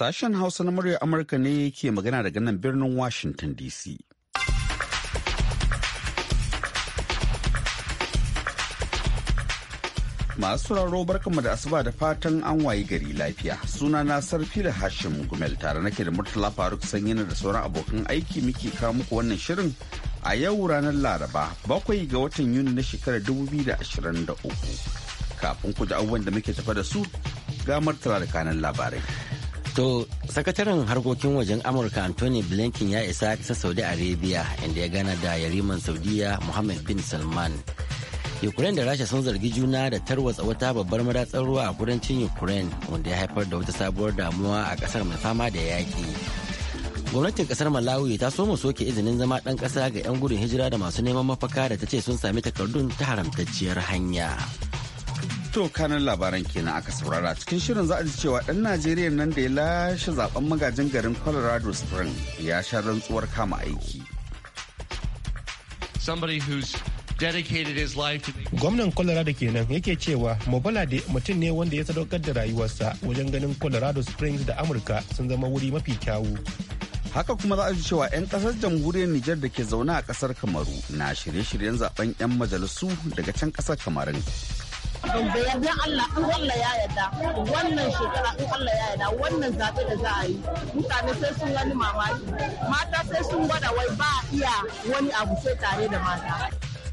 Sashen Hausa na muryar Amurka ne ke magana daga nan birnin Washington DC. Masu sauraro barkanmu da asuba da fatan an wayi gari lafiya. Suna na sarfi da Hashim Gumel tare nake da Murtala Faruk na da sauran abokan aiki muke kawo muku wannan shirin a yau ranar Laraba bakwai ga watan Yuni na shekarar 2023. Kafin ku da abubuwan da muke tafa da su ga Murtala da kanan labarai. To, sakataren harkokin wajen Amurka Anthony Blinken ya isa ƙasar Saudi Arabia inda ya gana da yariman Saudiya Mohammed bin Salman. Ukraine da Rasha sun zargi juna da tarwatsa wata babbar madatsar ruwa a kudancin Ukraine wanda ya haifar da wata sabuwar damuwa a kasar mai fama da yaƙi. Gwamnatin ƙasar Malawi ta so soke izinin zama ɗan ƙasa ga 'yan gudun hijira da masu neman mafaka da ta ce sun sami takardun ta haramtacciyar hanya. To kanan labaran kenan aka saurara cikin shirin za a ji cewa ɗan Najeriya nan da ya lashe zaben magajin garin Colorado Spring ya sha rantsuwar kama aiki. Gwamnan Colorado kenan yake cewa da mutum ne wanda ya sadaukar da rayuwarsa wajen ganin Colorado Springs da Amurka sun zama wuri mafi kyawu. haka kuma za a ji cewa 'yan kasar jamhuriyar Nijar da ke zaune a kasar Kamaru na shirye-shiryen zaben 'yan majalisu daga can kasar Kamarun. da yardan Allah in Allah ya yarda wannan shekara in Allah ya yarda wannan zaɓe da za a yi mutane sai sun wani mamaki mata sai sun gwada wai ba iya wani abu sai tare da mata.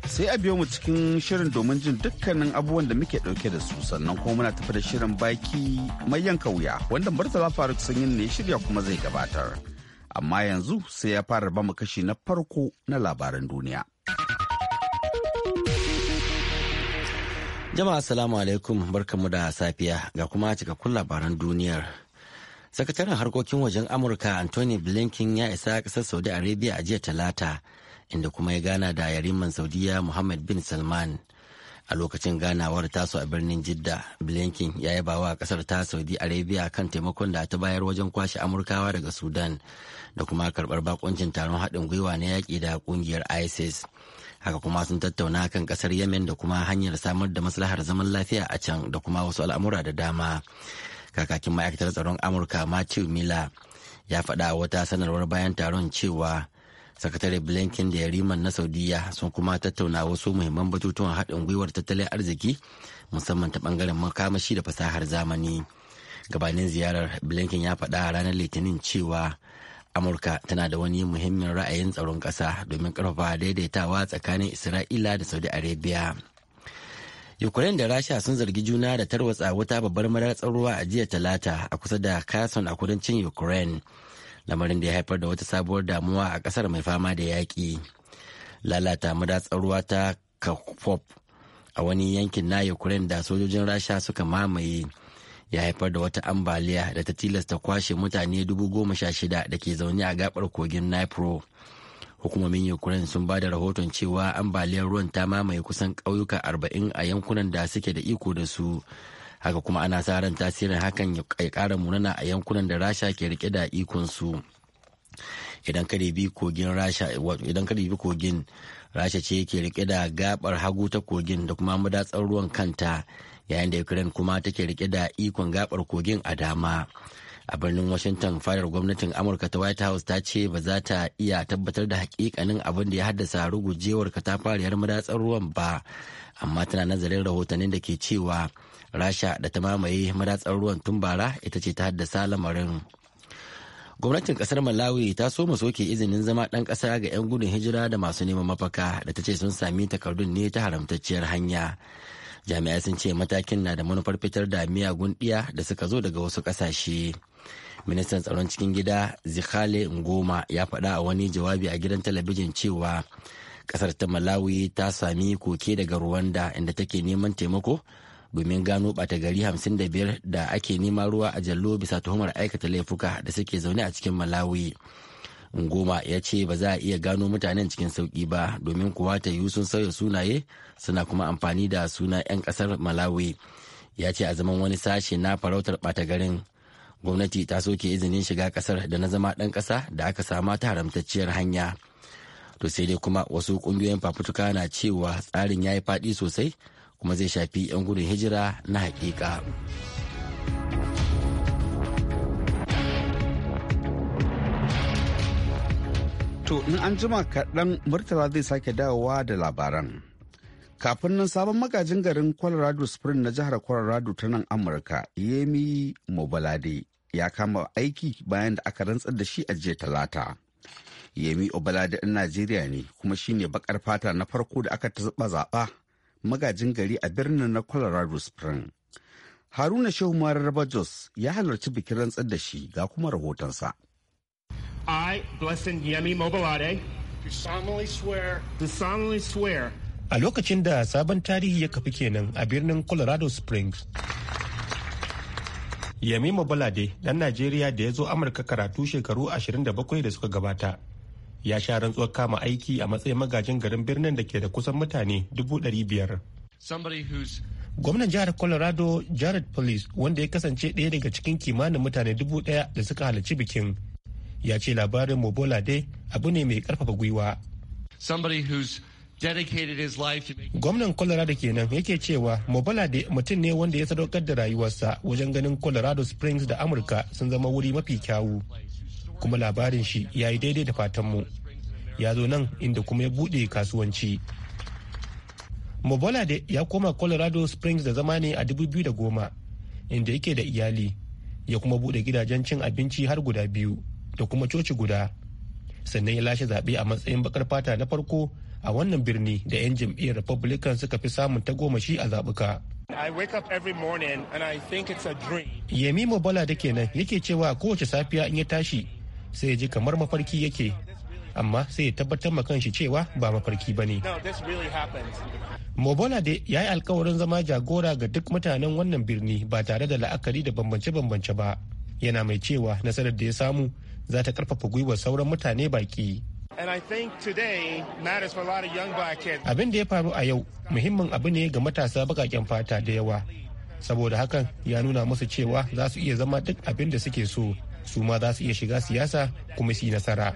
sai a biyo mu cikin shirin domin jin dukkanin abubuwan da muke dauke da su sannan kuma muna tafi da shirin baki mai yanka wuya wanda murtala faruk sanyin ne shirya kuma zai gabatar amma yanzu sai ya fara bamu kashi na farko na labaran duniya. Jama'a salamu alaikum barkamu da safiya ga kuma cikakkun labaran duniyar. Sakataren harkokin wajen Amurka Anthony Blinken ya isa ƙasar Saudi Arabia a jiya Talata inda kuma ya gana da yariman Saudiya Muhammad bin Salman. A lokacin ganawar taso a birnin Jidda, Blinken ya yaba wa kasar ta Saudi Arabia kan taimakon da ta bayar wajen kwashe Amurkawa daga Sudan da kuma karɓar bakuncin taron haɗin gwiwa na yaƙi da ƙungiyar ISIS. haka kuma sun tattauna kan kasar yemen da kuma hanyar samar da maslahar zaman lafiya a can da kuma wasu al'amura da dama kakakin ma'aikatar tsaron amurka matthew miller ya faɗa wata sanarwar bayan taron cewa sakatare blinken da yariman na saudiya sun kuma tattauna wasu muhimman batutuwan haɗin gwiwar tattalin arziki musamman ta ɓangaren makamashi da fasahar zamani gabanin ziyarar blinken ya faɗa ranar litinin cewa amurka tana da wani muhimmin ra'ayin tsaron ƙasa domin karfafa daidaitawa tsakanin isra'ila da saudi arabia ukraine da rasha sun zargi juna da tarwatsa wata babbar madatsar ruwa a jiya talata a kusa da kason a kudancin ukraine lamarin da ya haifar da wata sabuwar damuwa a kasar mai fama da yaƙi lalata madatsar tsaruwa ta kakop a wani yankin na ukraine da sojojin rasha suka mamaye ya haifar da wata ambaliya da ta tilasta kwashe mutane dubu goma sha shida da ke zaune a gabar kogin Nipro. Hukumomin Ukraine sun ba da rahoton cewa ambaliyar ruwan ta mamaye kusan ƙauyuka arba'in a yankunan da suke da iko da su. Haka kuma ana sa ran tasirin hakan ya ƙara munana a yankunan da Rasha ke rike da ikon su. idan ka bi kogin rasha idan bi kogin rasha ce ke rike da gabar hagu ta kogin da kuma madatsar ruwan kanta yayin da ukraine kuma take rike da ikon gabar kogin a dama a birnin washington fadar gwamnatin amurka ta white house ta ce ba za ta iya tabbatar da hakikanin abin da ya haddasa rugujewar katafariyar madatsar ruwan ba amma tana nazarin rahotannin da ke cewa rasha da ta mamaye madatsar ruwan tun bara ita ce ta haddasa lamarin gwamnatin kasar malawi ta so soke izinin zama ɗan ƙasa ga 'yan gudun hijira da masu neman mafaka da ta ce sun sami takardun ne ta haramtacciyar hanya jami'ai sun ce matakin na da manufar fitar da miyagun ɗiya da suka zo daga wasu ƙasashe ministan tsaron cikin gida zikhale ngoma ya faɗa a wani jawabi a gidan talabijin cewa ƙasar ta malawi ta sami koke daga ruwanda, inda take neman taimako domin gano bata gari 55 da ake nema ruwa a jallo bisa tuhumar aikata laifuka da suke zaune a cikin malawi ngoma ya ce ba za a iya gano mutanen cikin sauki ba domin kuwa ta yiwu sun sauya sunaye suna kuma amfani da suna 'yan kasar malawi ya ce a zaman wani sashe na farautar bata garin gwamnati ta soke izinin shiga kasar da na zama ɗan ƙasa da aka sama ta haramtacciyar hanya to sai dai kuma wasu ƙungiyoyin fafutuka na cewa tsarin ya yi faɗi sosai kuma zai shafi 'yan gudun hijira na haƙiƙa. To, in an jima kaɗan Murtala zai sake dawowa da labaran. Kafin nan sabon magajin garin Colorado Spring na jihar Colorado ta nan Amurka, Yemi Mobalade ya kama aiki bayan da aka rantsar da shi a jiya talata. Yemi Obalade ɗin Najeriya ne kuma shine bakar fata na farko da aka taɓa zaɓa magajin gari a birnin na colorado spring haruna shehu Mararaba jos ya halarci bikin rantsar da shi ga kuma rahotonsa i blessing yemi mobilade to solemnly swear to solemnly swear a lokacin da sabon tarihi ya kafi kenan a birnin colorado springs yamima balade dan najeriya da ya zo amurka karatu shekaru 27 da suka gabata ya sha rantsuwar kama aiki a matsayin magajin garin birnin da ke da kusan mutane dubu biyar. gwamnan jihar colorado jared police wanda ya kasance ɗaya daga cikin kimanin mutane dubu ɗaya da suka halarci bikin ya ce labarin mobola dai abu ne mai ƙarfafa gwiwa gwamnan colorado kenan yake cewa mobola dai mutum ne wanda ya sadaukar da rayuwarsa wajen ganin colorado springs da amurka sun zama wuri mafi kyawu kuma labarin shi ya yi daidai da fatanmu ya zo nan inda kuma ya buɗe kasuwanci mobola ya koma colorado springs da zama ne a 2010 inda yake da iyali ya kuma buɗe gidajen cin abinci har guda biyu da kuma coci guda sannan ya lashe zaɓe a matsayin bakar fata na farko a wannan birni da 'yan jam'iyyar republican suka fi samun ta goma shi a zaɓuka. yemi mobola da kenan yake cewa kowace safiya in ya tashi sai ya ji kamar mafarki yake amma sai ya tabbatar ma kanshi cewa ba mafarki ba ne. Mobola dai ya yi alkawarin zama jagora ga duk mutanen wannan birni ba tare da la'akari da bambance-bambance ba. Yana mai cewa nasarar da ya samu za ta karfafa gwiwar sauran mutane baki. Abin da ya faru a yau muhimmin abu ne ga matasa bakaken fata da yawa. Saboda hakan ya nuna musu cewa za su iya zama duk abin da suke so su ma za su iya shiga siyasa kuma su yi nasara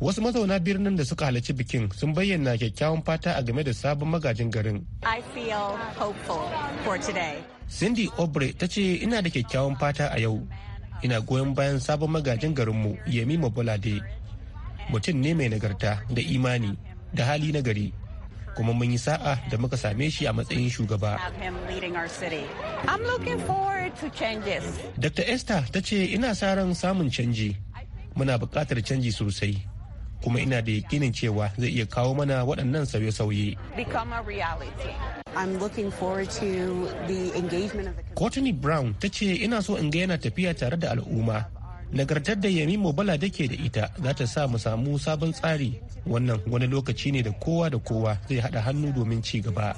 wasu mazauna birnin da suka halarci bikin sun bayyana kyakkyawan fata a game da sabon magajin garin cindy obre ta ce ina da kyakkyawan fata a yau ina goyon bayan sabon magajin garinmu yemi mabolade mutum ne mai nagarta da imani da hali na gari kuma mun yi sa'a da muka same shi a matsayin shugaba. Dr. Esther ta ce ina sa ran samun canji. Muna buƙatar canji sosai. kuma ina da yakinin cewa zai iya kawo mana waɗannan sauye-sauye. Courtney Brown ta ce ina so in ga yana tafiya tare da al'umma nagartar da mobala bala ke da ita za ta sa mu samu sabon tsari wannan wani lokaci ne da kowa da kowa zai hada hannu domin ci gaba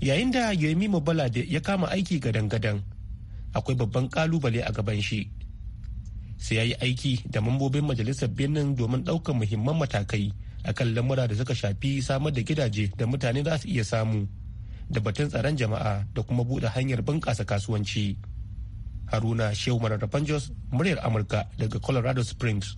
yayin da mobala bala ya kama aiki gadan-gadan akwai babban kalubale a gaban shi sai ya yi aiki da mambobin majalisar birnin domin ɗaukar muhimman matakai akan lamura da suka shafi samar da gidaje da mutane za su iya samu da batun tsaron jama'a da kuma buɗe hanyar bunƙasa kasuwanci. haruna shehu mararraban jos muryar amurka daga colorado springs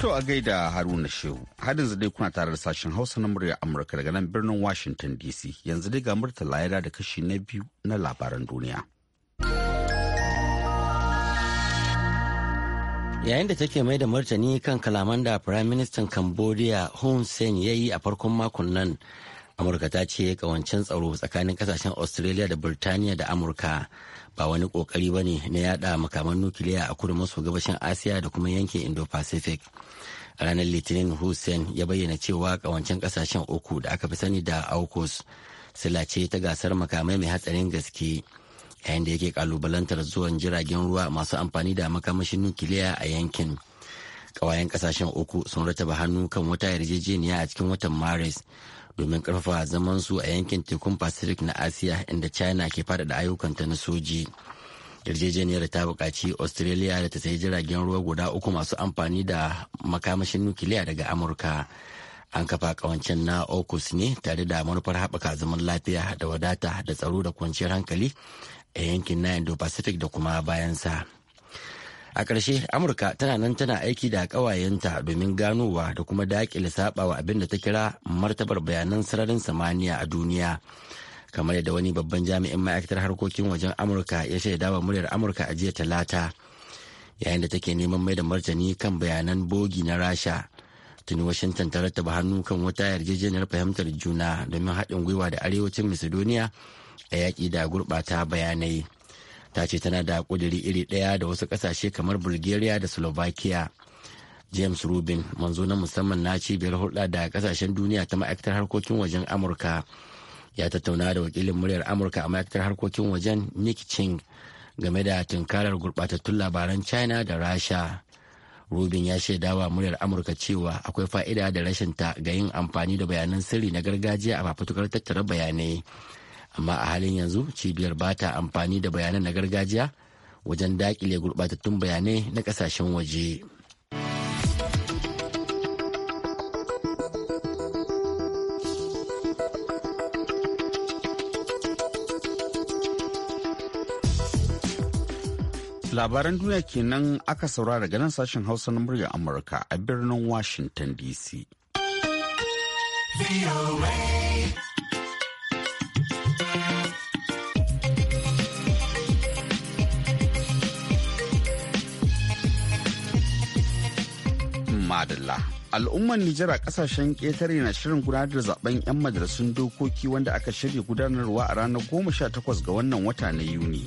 To a gaida Haruna Shehu, hadin zai kuna tare da sashen Hausa na muryar Amurka daga nan birnin Washington DC yanzu dai ga murtala ya da kashi na biyu na labaran duniya. Yayin da take mai da martani kan kalaman da firaministan Cambodia Hun Sen ya yi a farkon makon nan amurka ta ce kawancen tsaro tsakanin kasashen australia da birtaniya da amurka ba wani kokari ba ne na yada makaman nukiliya a kudu maso gabashin asiya da kuma yankin indo-pacific ranar litinin hussein ya bayyana cewa kawancin kasashen uku da aka fi sani da aukus sila ce ta gasar makamai mai hatsarin gaske yayin da yake kalubalantar zuwan jiragen ruwa masu amfani da makamashin nukiliya a yankin kawayen kasashen uku sun rataba hannu kan wata yarjejeniya a cikin watan maris domin karfafa zaman su a yankin tekun pacific na asiya inda china ke faɗaɗa ayyukanta na soji yarjejeniyar ta buƙaci australia da ta sayi jiragen ruwa guda uku masu amfani da makamashin nukiliya daga amurka an kafa kawancin na ocus ne tare da manufar haɓaka zaman lafiya da wadata da tsaro da kwanciyar hankali a yankin na indo-pacific da kuma bayansa. a ƙarshe amurka tana nan tana aiki da ƙawayenta domin ganowa da kuma daƙile saɓawa abin da ta kira martabar bayanan sararin samaniya a duniya kamar yadda wani babban jami'in ma'aikatar harkokin wajen amurka ya shaida wa muryar amurka a jiya talata yayin da take neman mai da martani kan bayanan bogi na rasha tuni washington ta rattaba hannu kan wata yarjejeniyar fahimtar juna domin haɗin gwiwa da arewacin macedonia a yaƙi da gurɓata bayanai ta ce tana da ƙudiri iri ɗaya da wasu ƙasashe kamar bulgaria da slovakia james rubin manzo na musamman na cibiyar hulɗa da ƙasashen duniya ta ma'aikatar harkokin wajen amurka ya tattauna da wakilin muryar amurka a ma'aikatar harkokin wajen nick ching game da tunkarar gurɓatattun labaran china da rasha rubin ya shaida wa muryar amurka cewa akwai fa'ida da rashinta ga yin amfani da bayanan sirri na gargajiya a fafutukar tattara bayanai amma a halin yanzu cibiyar ba ta amfani da bayanan na gargajiya wajen dakile gurɓatattun bayanai na ƙasashen waje. Labaran duniya kenan aka saurara daga nan sashen Hausa na muryar Amurka a birnin Washington DC. madalla al'ummar nijar a kasashen ƙetare na shirin gudanar da zaben 'yan majalisun dokoki wanda aka shirya gudanarwa a ranar goma sha takwas ga wannan wata na yuni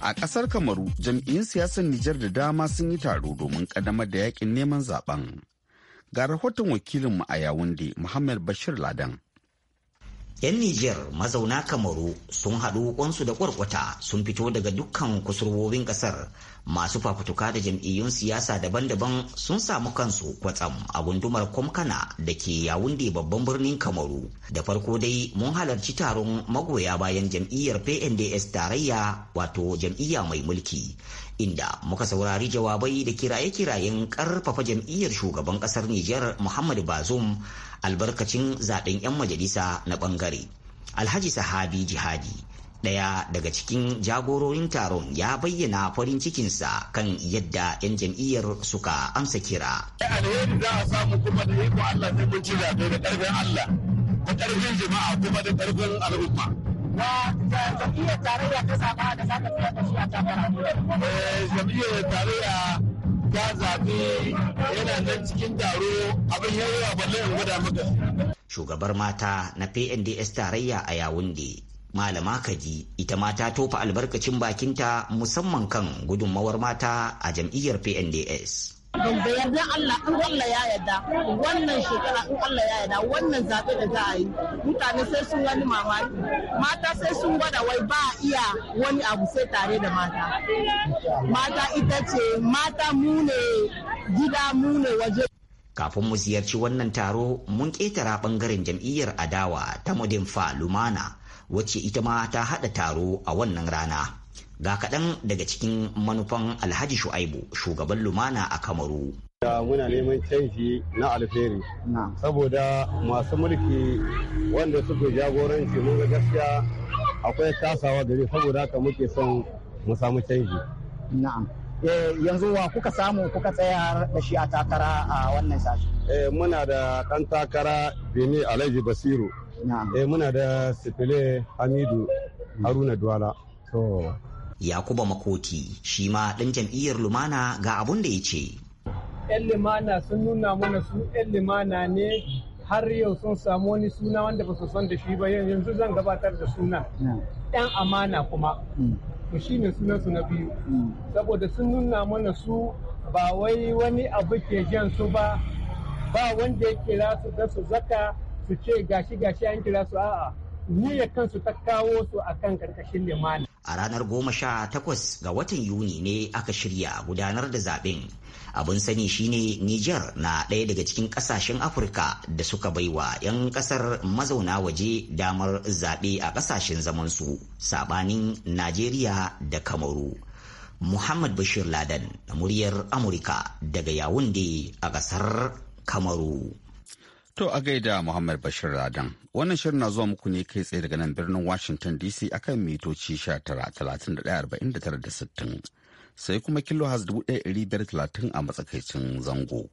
a ƙasar kamaru jam'iyyun siyasar nijar da dama sun yi taro domin ƙaddamar da yakin neman zaben ga rahoton wakilinmu a yawunde muhammad bashir ladan 'Yan Nijar mazauna Kamaru sun haɗu kwansu da kwarkwata sun fito daga dukkan kusurwobin ƙasar masu fafutuka da jam'iyyun siyasa daban-daban sun samu kansu kwatsam a gundumar kwamkana da ke yawunde babban birnin kamaru da farko dai mun halarci taron magoya bayan jam'iyyar pnds tarayya wato jam'iyya mai mulki inda muka saurari jawabai da kiraye-kirayen karfafa jam'iyyar shugaban kasar Nijar Muhammadu Bazum, albarkacin zaɓen 'yan majalisa na bangare. Alhaji Sahabi Jihadi Ɗaya daga cikin jagororin taron ya bayyana farin cikinsa kan yadda 'yan jam'iyyar suka amsa kira. Alheri za a samu kuma da iko Allah sai mun ci zaɓe da ƙarfin Allah, da ƙarfin jama'a kuma da ƙarfin al'umma. Na jam'iyyar tarayya ta zaɓa da za ka tsaya da shi a eh, Jam'iyyar tarayya ta zaɓe yana nan cikin taro abin yawa balle in gwada maka. Shugabar mata na PNDS tarayya a Yawunde malama kaji ita ma ta tofa albarkacin bakinta musamman kan gudunmawar mata a jam'iyyar pnds da yarda Allah in Allah ya yarda wannan shekara in Allah ya yarda wannan zaɓe da za a yi mutane sai sun wani mamaki mata sai sun gwada wai ba iya wani abu sai tare da mata mata ita ce mata mu ne gida mu ne waje kafin mu ziyarci wannan taro mun ƙetara ɓangaren jam'iyyar adawa ta mudin fa lumana wacce ita ma ta haɗa taro a wannan rana ga kaɗan daga cikin manufan alhaji shu'aibu shugaban lumana a kamaru da muna neman canji na alferi saboda masu mulki wanda suke jagoranci mun ga gaskiya akwai tasawa gari saboda haka muke son mu samu canji na'am eh, yanzu wa kuka samu kuka tsaya da shi a takara a wannan sashi eh, muna da kan takara bini alhaji basiru eh muna da sifile hamidu haruna duwala yakuba makoti shi ma ɗan jam'iyyar lumana ga abun da ya ce yan limana sun nuna mana su yan limana ne har yau sun samu wani suna wanda ba su san da shi ba yanzu zan gabatar da suna yan amana kuma mm. to shi ne sunansu na biyu mm. saboda sun nuna mana su ba wai wani abu ke jan su ba ba wanda ya kira su da su zaka su ce gashi gashi an kira su a'a ya kansu ta kawo su a kan karkashin limani a ranar goma sha takwas ga watan yuni ne aka shirya gudanar da zaben abin sani shine niger na ɗaya daga cikin ƙasashen afirka da suka baiwa 'yan ƙasar mazauna waje damar zaɓe a ƙasashen zamansu saɓanin najeriya da kamaru muhammad bashir ladan muryar amurka daga yawunde a ƙasar kamaru To a gaida Muhammad Bashir Radan. Wannan shirin na zuwa muku ne kai tsaye daga nan birnin Washington DC akan mitoci 19,31,49,60 sai kuma kilo has 1,530 a matsakaicin zango.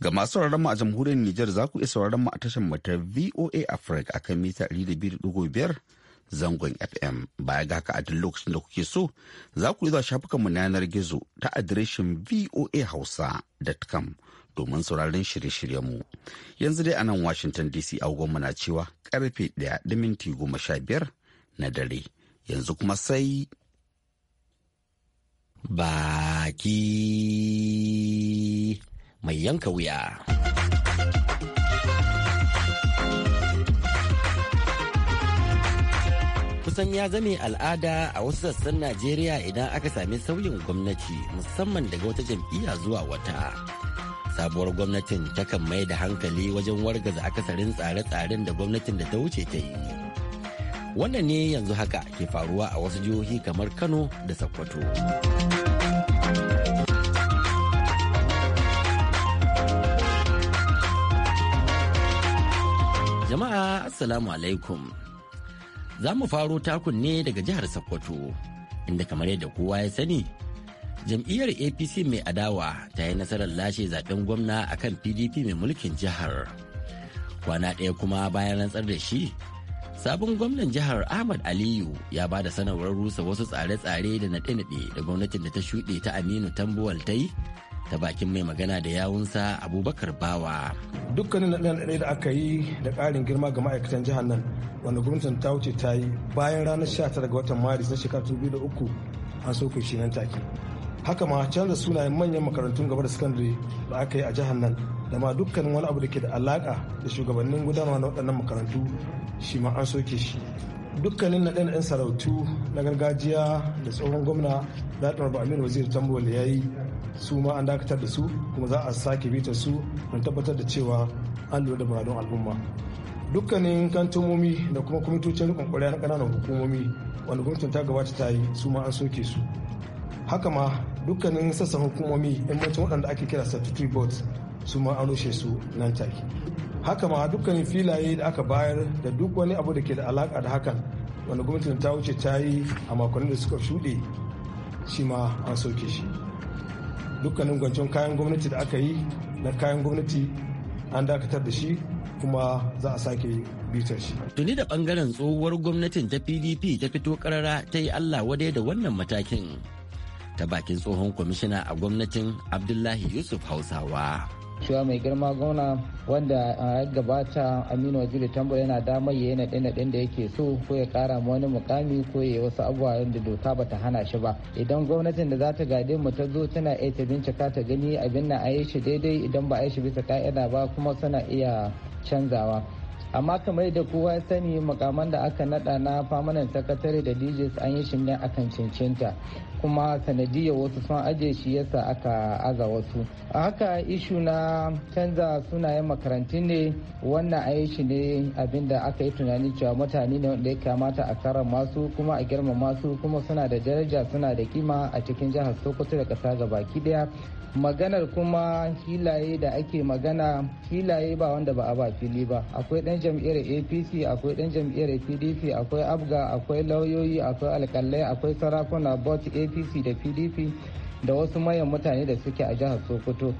Ga masu sauraron mu a jamhuriyar Nijar za ku iya sauraron mu a tashar mata VOA Africa akan mita 200.5 zangon FM. Baya ga haka a duk lokacin da kuke so za ku iya zuwa shafukanmu na yanar gizo ta adireshin voahausa.com domin sauraron shirye-shiryenmu. Yanzu dai a nan Washington DC agogonmu na cewa karfe ɗaya da minti goma sha biyar na dare. Yanzu kuma sai baki mai yanka wuya. kusan ya zame al'ada a wasu sassan najeriya idan aka sami sauyin gwamnati musamman daga wata jam'iyya zuwa wata sabuwar gwamnatin takan mai da hankali wajen wargaza akasarin tsare-tsaren da gwamnatin da ta wuce ta yi wannan ne yanzu haka ke faruwa a wasu jihohi kamar kano da sokoto jama'a assalamu alaikum za mu faro takun ne daga jihar sokoto inda kamar yadda kowa ya sani jam'iyyar apc mai adawa ta yi nasarar lashe zaben gwamna a kan pdp mai mulkin jihar kwana ɗaya kuma bayan rantsar da shi sabon gwamnan jihar ahmad aliyu ya ba da sanarwar rusa wasu tsare-tsare da naɗe-naɗe da gwamnatin da ta shuɗe ta aminu tambuwal ta ta bakin mai magana da yawunsa abubakar bawa dukkanin naɗe-naɗe da aka yi da ƙarin girma ga ma'aikatan jihar nan wanda gwamnatin ta wuce ta yi bayan ranar 19 ga watan maris na shekarar 2003 an soke shi nan take haka ma canza sunayen manyan makarantun gaba da sakandare da aka yi a jihar nan da ma dukkanin wani abu da ke da alaka da shugabannin gudanarwa na waɗannan makarantu shi ma an soke shi dukkanin naɗin 'yan sarautu na gargajiya da tsohon gwamna daɗin rabu aminu wazir tambol ya yi su ma an dakatar da su kuma za a sake bitar su don tabbatar da cewa an lura da muradun al'umma dukkanin kantomomi da kuma kwamitocin rikon ƙwarya na ƙananan hukumomi wanda gwamnatin ta gabata ta yi su ma an soke su haka ma dukkanin sassan hukumomi yammacin waɗanda ake kira statutory boards su ma an rushe su nan take haka ma dukkanin filaye da aka bayar da duk wani abu da ke da alaka da hakan wanda gwamnatin ta wuce ta yi a makonnin da suka shuɗe shi ma an soke shi dukkanin gwancin kayan gwamnati da aka yi na kayan gwamnati an dakatar da shi kuma za a sake bitar shi. Tuni da bangaren tsohuwar gwamnatin ta PDP ta fito karara ta yi Allah wadai da wannan matakin. ta bakin tsohon kwamishina a gwamnatin abdullahi yusuf hausawa cewa mai girma gwamna wanda a gabata aminu wajiri tambo yana damar ya yana ɗin da yake so ko ya kara wani mukami ko ya wasu abubuwa yadda doka ba ta hana shi ba idan gwamnatin da za ta gade mu ta zo tana iya ta bincika ta gani abin na a yi shi daidai idan ba a yi shi bisa ka'ida ba kuma suna iya canzawa amma kamar da kowa ya sani makaman da aka nada na famanan sakatare da djs an yi shi ne kan cancanta kuma sanadiyar wasu sun aje shi yasa aka aza wasu a haka ishu na canza sunayen makarantu ne wannan a yi shi ne abinda aka yi tunani cewa mutane ne wanda ya kamata a karan masu kuma a girmama su kuma suna da daraja suna da kima a cikin jihar sokoto da kasa baki daya maganar kuma hilaye da ake magana filaye ba wanda ba a ba fili ba akwai dan jam'iyyar apc akwai dan jam'iyyar pdp akwai abga akwai lauyoyi akwai alkalai akwai sarakuna bot apc da pdp da wasu mayan mutane da suke a jihar sokoto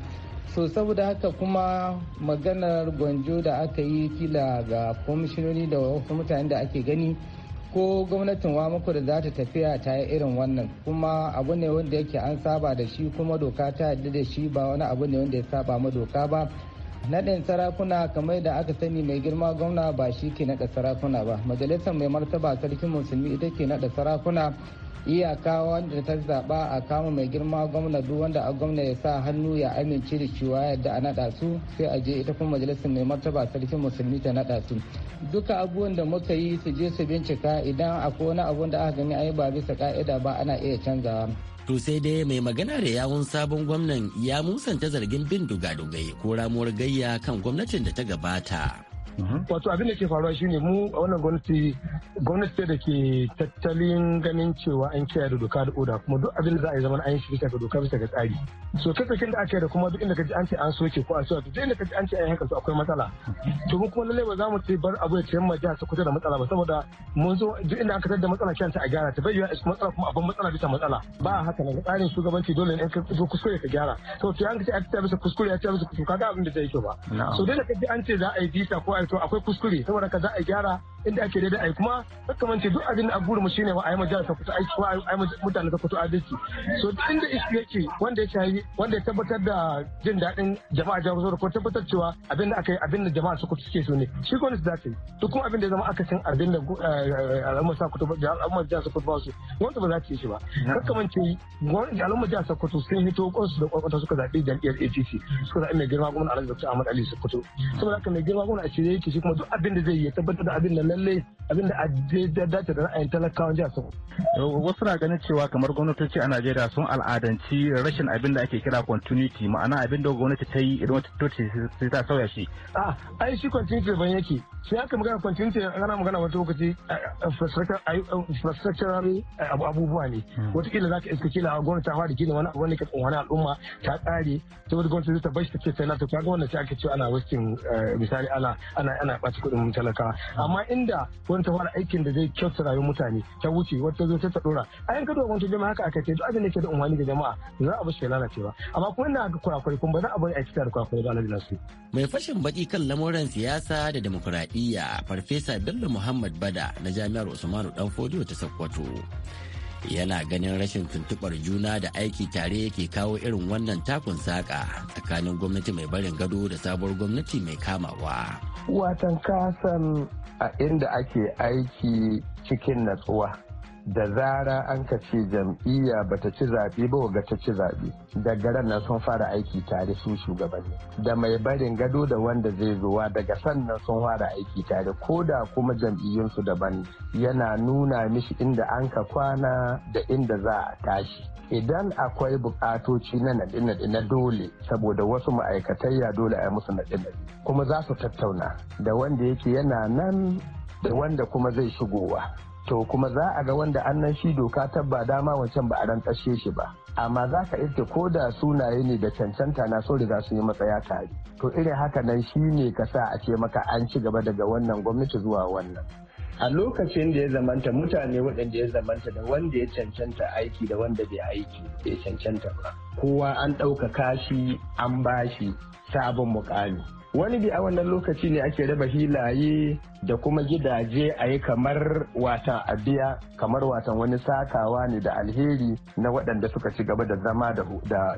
so saboda haka kuma maganar gwanjo da aka yi kila ga kwamishinoni da wasu mutane da ake gani ko gwamnatin wa muku da za ta tafiya ta yi irin wannan kuma abu ne wanda yake an saba da shi kuma doka ta yadda da shi ba wani abu ne wanda ya saba ma doka ba naɗin sarakuna kamar da aka sani mai girma gwamna ba shi ke naɗa sarakuna ba majalisar mai martaba sarkin musulmi ita ke naɗa sarakuna iyaka wanda ta zaɓa a kama mai girma gwamna duk wanda a gwamna ya sa hannu ya amince da cewa yadda a naɗa su sai a je ita kuma majalisar mai martaba sarkin musulmi ta naɗa su duka abubuwan da muka yi su je su bincika idan akwai wani abu da aka gani ai ba bisa ka'ida ba ana iya canzawa To sai dai mai magana da yawun sabon gwamnan ya musanta zargin bin dugadugai ko ramuwar gayya kan gwamnatin da ta gabata. Mhm. wato abin da ke faruwa shine mu a wannan gwamnati gwamnati da ke tattalin ganin cewa an kiyaye da doka da oda kuma duk abin da za a yi zaman an yi shi bisa ga doka bisa ga tsari so kai tsakin da aka yi da kuma duk inda kaji an ce an soke ko an soke duk inda kaji an ce an haka su akwai matsala mhm. to mu kuma lallai ba za mu ce bar abu ya ciyar majiya su kusa da matsala ba saboda mun zo duk inda aka tada matsala kyanta a gyara ta bai yiwa matsala kuma abin matsala bisa matsala ba haka nan tsarin shugabanci dole ne ka zo kuskure ka gyara to to yanka ce a ta bisa kuskure ya ta bisa kuskure kaga abin da zai yi ba so dole kaji an ce za a yi bisa ko ai to akwai kuskure saboda ka za a gyara inda ake daidai ai kuma kakamance duk abin da abu mu shine wa ai jara ta fito aiki wa ai mutane ta fito adalci so inda iske yake wanda ya shayi wanda ya tabbatar da jin daɗin jama'a jihar zuwa ko tabbatar cewa abin da aka yi abin da jama'a suka suke so ne shi gwamnati za ta duk kuma abin da zama aka san abin da eh, al'ummar Sokoto al'ummar jihar Sokoto ba su wanda ba za ta yi shi ba kakamance al'ummar jihar Sokoto sun hito kwansu da kwakwata suka zaɓi jam'iyyar APC suka zaɓi mai girma gwamnati Alhaji Dr. Ahmad Ali Sokoto saboda haka mai girma gwamnati a shirye daidai yake shi kuma duk abin da zai yi tabbatar da abin da lallai abin da da dace da ra'ayin talakawan jihar Sokoto. Eh, wasu na ganin cewa kamar gwamnatoci a Najeriya sun al'adanci rashin abin da ake kira continuity ma'ana abin da gwamnati ta yi idan wata toce sai ta sauya shi. A ah, ai shi continuity ban yake shi aka magana continuity gana magana wata lokaci eh, eh, infrastructural abubuwa ne hmm. wataƙila za ka iska kila gwamnati ta fara gina wani abu wani wani al'umma ta tsare saboda gwamnati ta bashi ta ce sai na ta kwa gwamnati sai aka ce ana wasu misali ana ana ana ɓata kuɗin mun talakawa amma inda wani ta fara aikin da zai kyauta rayuwar mutane ta wuce wata zo ta ɗora a yanka dogon wani jama'a haka aka ce to abin da ke da umarni ga jama'a za a bashi lalacewa amma kuma ina ga kurakurai kuma ba za a bari a da kurakurai ba alhaji nasu. mai fashin baki kan lamuran siyasa da demokuraɗiyya farfesa bello muhammad bada na jami'ar usmanu fodiyo ta sokoto yana ganin rashin tuntubar juna da aiki tare yake kawo irin wannan takun saƙa tsakanin gwamnati mai barin gado da sabuwar gwamnati mai kamawa. Watan kasan a inda ake aiki cikin natsuwa da zara an ka ce jam'iyya ba ta ci zaɓe ba ga ta ci zaɓe daga ran nan sun fara aiki tare su shugabanni da mai barin gado da wanda zai zuwa daga sannan sun fara aiki tare ko da kuma jam'iyyunsu daban yana nuna mishi inda an ka kwana da inda za a tashi idan akwai bukatoci na naɗe-naɗe na dole saboda wasu ma'aikatai ya dole a yi musu naɗe-naɗe kuma za su tattauna da wanda yake yana nan da wanda kuma zai shigowa to kuma za a ga wanda an annan shi doka tabba dama wancan ba a rantsashe shi ba amma za ka iske ko da sunaye ne da cancanta na so riga su yi matsaya tare to irin haka nan shi ne ka sa a ce maka an ci gaba daga wannan gwamnati zuwa wannan a lokacin da ya zamanta mutane waɗanda ya zamanta da wanda ya cancanta aiki da wanda bai aiki bai cancanta ba kowa an ɗauka kashi an bashi sabon mukami wani bi a wannan lokaci ne ake raba hilaye da kuma gidaje a yi kamar watan abiya kamar watan wani sakawa ne da alheri na waɗanda suka ci gaba da zama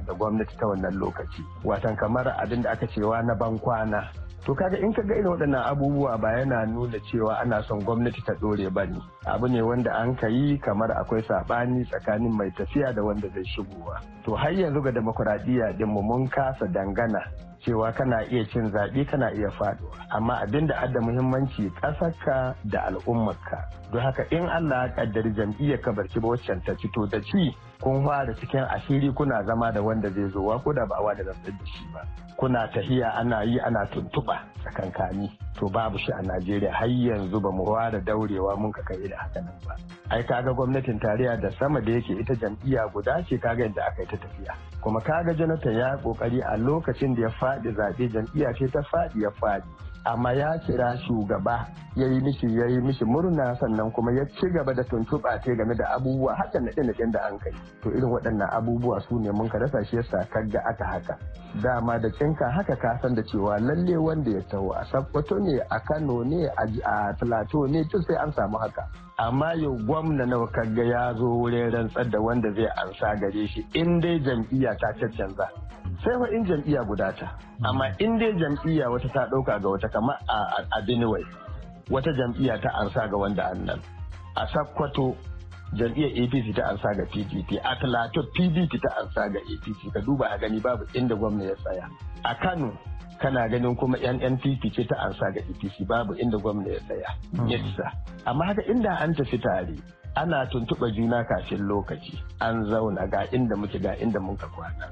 da gwamnati ta wannan lokaci watan kamar abin da aka cewa na bankwana to kaga in ka ga irin waɗannan abubuwa ba yana nuna cewa ana son gwamnati ta ɗore ba ne abu ne wanda an ka yi kamar akwai saɓani tsakanin mai tafiya da wanda zai shigowa to har yanzu ga demokuraɗiyya ɗinmu mun kasa dangana cewa kana iya cin zaɓe kana iya faɗuwa amma abin da adda muhimmanci ƙasarka da al'ummarka don haka in Allah ya kaddari jam'iyyar ka barci ba waccan ta fito da ci kun fara cikin asiri kuna zama da wanda zai zo wa ko da ba wa da rantsar da shi ba kuna tahiya ana yi ana tuntuɓa tsakankani to babu shi a Najeriya har yanzu ba mu da daurewa mun ka kai da haka nan ba ai kaga gwamnatin tarayya da sama da yake ita jam'iyya guda ce kaga yadda aka yi ta tafiya kuma kaga jonathan ya kokari a lokacin da ya faɗi zaɓe jam'iyya ce ta faɗi ya faɗi amma ya kira shugaba ya yi mishi ya yi mishi murna sannan kuma ya ci gaba da tuntuɓa ta game da abubuwa haka na ɗin da an kai to irin waɗannan abubuwa su ne mun ka rasa shi yasa kagga aka haka dama da cinka haka ka san da cewa lalle wanda ya taho a sabbato ne a kano ne a plateau ne tun sai an samu haka amma yau gwamna nawa kaga ya zo wurin rantsar da wanda zai ansa gare shi in dai jam'iyya ta cancanza sai fa in jam'iyya guda ta amma in dai jam'iyya wata ta ɗauka ga wata kama a Benue wata jam'iyya ta ansa ga wanda annan a Sakkwato jam'iyyar apc ta ansa ga pdp a talatin pdp ta ansa ga apc ka duba a gani babu inda gwamna ya tsaya a kano kana ganin kuma yan npp ce ta ansa ga apc babu inda gwamna ya tsaya hmm. yadda amma haka inda an tafi tare ana tuntuɓa juna kafin lokaci an zauna ga inda muke ga inda mun ka kwana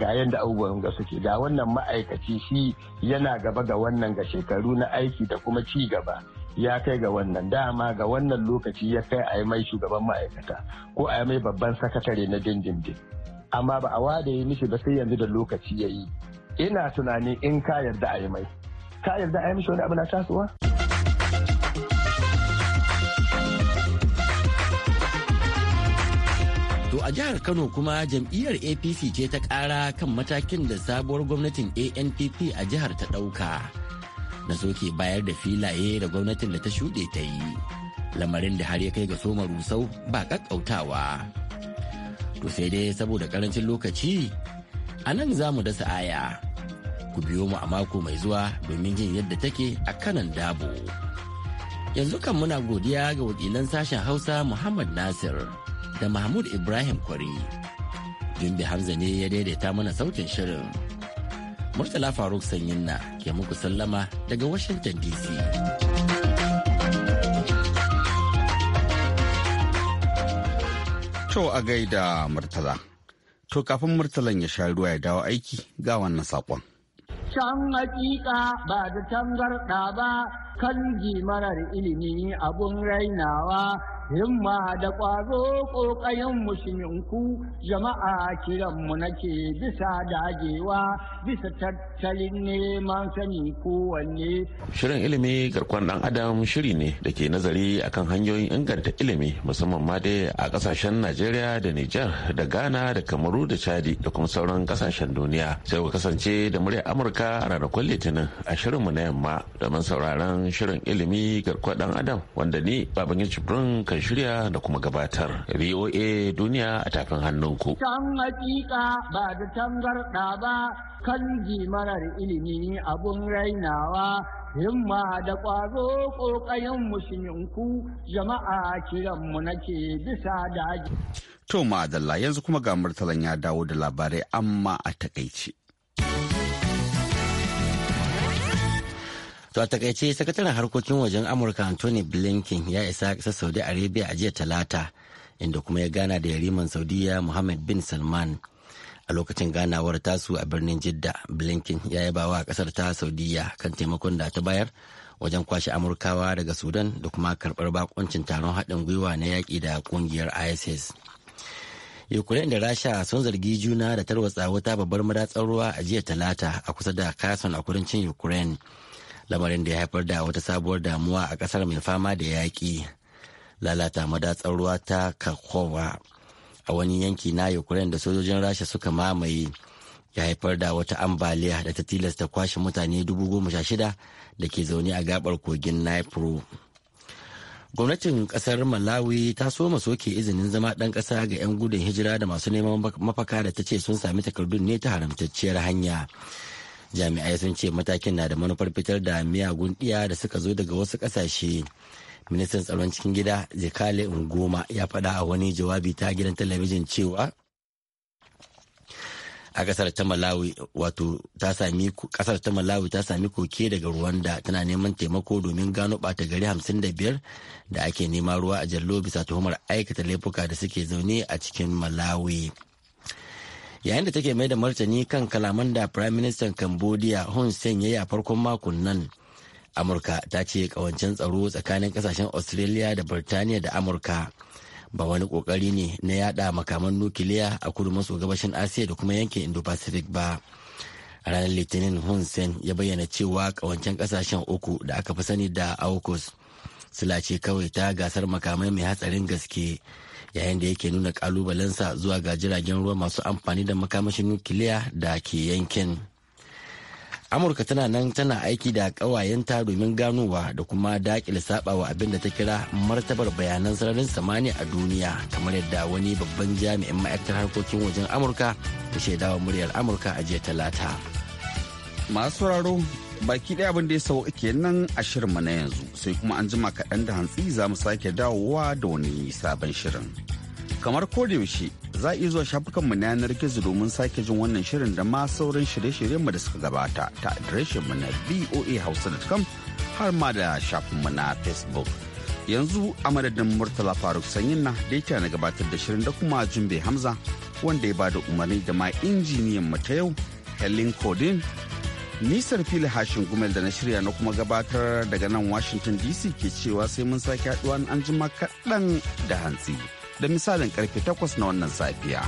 ga yadda abubuwan ga suke ga wannan ma'aikaci shi yana gaba ga wannan ga shekaru na aiki da kuma ci gaba ya kai ga wannan dama ga wannan lokaci ya kai a yi mai shugaban ma'aikata ko a yi mai babban sakatare na dindindin amma ba a wada yi mishi ba sai yanzu da lokaci ya yi ina tunani in ka yarda a yi mai ka yarda a yi mishi wani abu na tasowa To a jihar Kano kuma jam'iyyar APC ce ta ƙara kan matakin da sabuwar gwamnatin ANPP a jihar ta ɗauka. na soke bayar da filaye da gwamnatin da ta shuɗe ta yi lamarin da har ya kai ga soma rusau ba ƙaƙƙautawa to sai dai saboda ƙarancin lokaci a nan za mu dasa aya ku biyo mu a mako mai zuwa domin jin yadda take a kanan dabo yanzu kan muna godiya ga wakilan sashen hausa muhammad nasir da mahmud ibrahim kwari jimbi hamza ne ya daidaita mana sautin shirin Murtala Faruk sanyin na ke muku sallama daga Washington DC. To a gaida Murtala. To kafin Murtalan ya sha ruwa ya dawo aiki ga wannan saƙon. Can hakika ba da tangarɗa ba, kan marar ilimi abun rainawa himma da ƙwazo ƙoƙayen musulminku jama'a kiranmu nake bisa dagewa bisa tattalin neman sani kowanne. Shirin ilimi garkon ɗan adam shiri ne da ke nazari akan hanyoyin inganta ilimi musamman ma dai a ƙasashen Najeriya da Nijar da Ghana da Kamaru da Chadi da kuma sauran ƙasashen duniya. Sai ku kasance da murya Amurka a ranakun Litinin a shirinmu na yamma domin sauraron shirin ilimi garkon ɗan adam wanda ni Babangin Jibrin kan shirya da kuma gabatar. VOA duniya a tafin hannunku. Can hakika ba da tangarɗa ba kan marar ilimi abun rainawa himma da ƙwazo ƙoƙayen musulminku jama'a kiranmu nake bisa daji. To ma'adalla yanzu kuma ga murtalan ya dawo da labarai amma a takaice. To a takaice sakataren harkokin wajen Amurka Anthony Blinken ya isa ƙasar Saudi Arabia a jiya talata inda kuma ya gana da yariman Saudiya Mohammed bin Salman. A lokacin ganawar tasu a birnin Jidda, Blinken ya yaba wa ƙasar ta Saudiya kan taimakon da ta bayar wajen kwashe Amurkawa daga Sudan da kuma karɓar bakoncin taron haɗin gwiwa na yaƙi da ƙungiyar ISIS. Ukraine da Rasha sun zargi juna da tarwatsa wata babbar madatsar ruwa a jiya talata a kusa da Kherson a kudancin Ukraine. lamarin da ya haifar da wata sabuwar damuwa a kasar mai fama da yaƙi lalata madatsar ruwa ta kakova a wani yanki na ukraine da sojojin rasha suka mamaye ya haifar da wata ambaliya da ta tilasta kwashe mutane dubu goma sha shida da ke zaune a gabar kogin nipro gwamnatin kasar malawi ta soma soke izinin zama dan kasa ga 'yan gudun hijira da masu neman mafaka da ta ce sun sami takardun ne ta haramtacciyar hanya jami'ai sun ce matakin na da manufar fitar da miyagun ɗiya da suka zo daga wasu ƙasashe ministan tsaron cikin gida zikale ngoma ya faɗa a wani jawabi ta gidan talabijin cewa a kasar ta malawi wato ta sami kasar ta malawi ta sami koke daga rwanda tana neman taimako domin gano ɓata gari 55 da ake nema ruwa a jallo bisa tuhumar aikata laifuka da suke zaune a cikin malawi yayin da take mai da martani kan kalaman da prime minister cambodia hun sen ya yi a farkon makon nan amurka ta ce kawancen tsaro tsakanin kasashen australia da birtaniya da amurka ba wani kokari ne na yada makaman nukiliya a kudu maso gabashin asiya da kuma yankin indo-pacific ba ranar litinin hun sen ya bayyana cewa kawancen kasashen uku da aka fi sani da aukus sila ce kawai ta gasar makamai mai hatsarin gaske yayin da yake nuna kalubalensa zuwa ga jiragen ruwa masu amfani da makamashin nukiliya da ke yankin amurka tana nan tana aiki da ƙawayenta domin ganowa da kuma daƙile wa abin da ta kira martabar bayanan sararin samani a duniya kamar yadda wani babban jami'in ma'aikatar harkokin wajen amurka da shaidawa muryar amurka a jiya talata masu sauraro baki ɗaya abin da ya sauka nan a shirinmu na yanzu sai kuma an jima kaɗan da hantsi za mu sake dawowa da wani sabon shirin kamar yaushe za a iya zuwa shafukanmu na yanar gizo domin sake jin wannan shirin da ma sauran shirye-shiryenmu da suka gabata ta adireshinmu na voahausa.com har ma da shafinmu na facebook yanzu a madadin murtala faruk sanyin na da yake na gabatar da shirin da kuma jumbe hamza wanda ya bada umarni da ma injiniyan mu ta yau helen codin nisar fili hashin gumel da na shirya na kuma gabatar daga nan washington dc ke cewa sai mun sake haduwa an jima kaɗan da hantsi. da misalin karfe 8 na wannan safiya.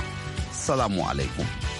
Salamu alaikum.